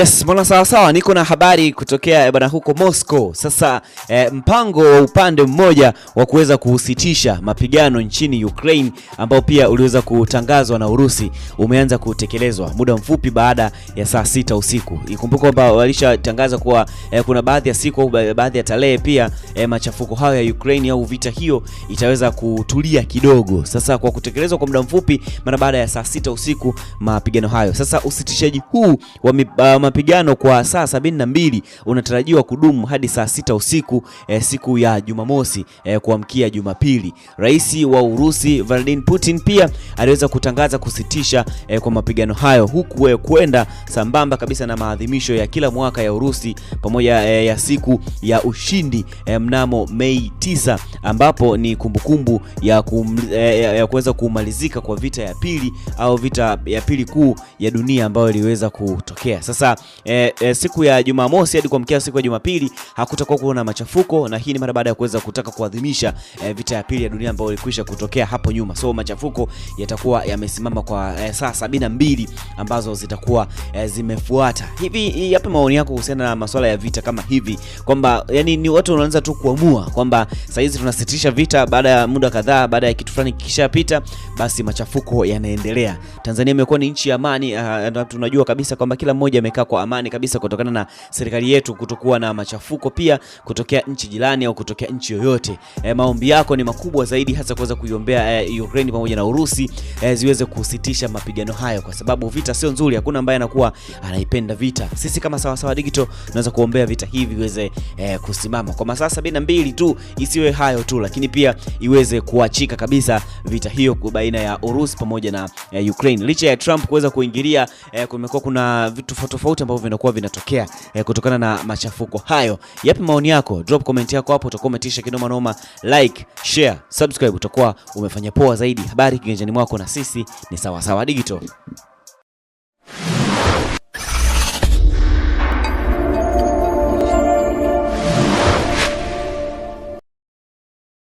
Yes, mbona sawa sawa, niko na habari kutokea eh, bwana huko Moscow. Sasa e, mpango wa upande mmoja wa kuweza kuhusitisha mapigano nchini Ukraine ambao pia uliweza kutangazwa na Urusi umeanza kutekelezwa muda mfupi baada ya saa sita usiku. Ikumbuka kwamba walishatangaza kuwa e, kuna baadhi ya siku au baadhi ya tarehe pia e, machafuko hayo ya Ukraine au vita hiyo itaweza kutulia kidogo. Sasa kwa kutekelezwa kwa muda mfupi mara baada ya saa sita usiku mapigano hayo. Sasa usitishaji huu wa ah, mapigano kwa saa sabini na mbili unatarajiwa kudumu hadi saa sita usiku e, siku ya Jumamosi e, kuamkia Jumapili. Rais wa Urusi Vladimir Putin pia aliweza kutangaza kusitisha e, kwa mapigano hayo huku kwenda sambamba kabisa na maadhimisho ya kila mwaka ya Urusi pamoja e, ya siku ya ushindi e, mnamo Mei 9 ambapo ni kumbukumbu ya, kum, e, ya kuweza kumalizika kwa vita ya pili au vita ya pili kuu ya dunia ambayo iliweza kutokea. Sasa e, e, siku ya Jumamosi hadi kuamkia siku ya Jumapili hakutakuwa kuona machafuko, na hii ni mara baada ya kuweza kutaka kuadhimisha e, vita ya pili ya dunia ambayo ilikwisha kutokea hapo nyuma. So machafuko yatakuwa yamesimama kwa e, saa sabini na mbili ambazo zitakuwa e, zimefuata. Hivi yapi maoni yako kuhusiana na masuala ya vita kama hivi, kwamba yani ni watu wanaanza tu kuamua kwamba saa hizi tunasitisha vita baada ya muda kadhaa, baada ya kitu fulani kikishapita, basi machafuko yanaendelea. Tanzania imekuwa ni nchi ya amani, uh, tunajua kabisa kwamba kila mmoja amekaa kwa amani kabisa, kutokana na serikali yetu kutokuwa na machafuko pia kutokea nchi jirani au kutokea nchi yoyote. E, maombi yako ni makubwa zaidi, hasa kuweza kuiombea e, Ukraine pamoja na Urusi e, ziweze kusitisha mapigano hayo, kwa sababu vita sio nzuri. Hakuna ambaye anakuwa anaipenda vita. Sisi kama sawa sawa Digital tunaweza kuombea vita hivi viweze e, kusimama kwa masaa na mbili tu, isiwe hayo tu, lakini pia iweze kuachika kabisa vita hiyo baina ya Urusi pamoja na e, Ukraine. Licha ya Trump kuweza kuingilia e, kumekuwa kuna vitu tofauti tofauti ambavyo vinakuwa vinatokea eh, kutokana na machafuko hayo. Yapi maoni yako? Drop comment yako hapo, utakuwa umetisha kinoma noma. Like, share, subscribe, utakuwa umefanya poa zaidi. Habari kiganjani mwako, na sisi ni Sawasawa Digital.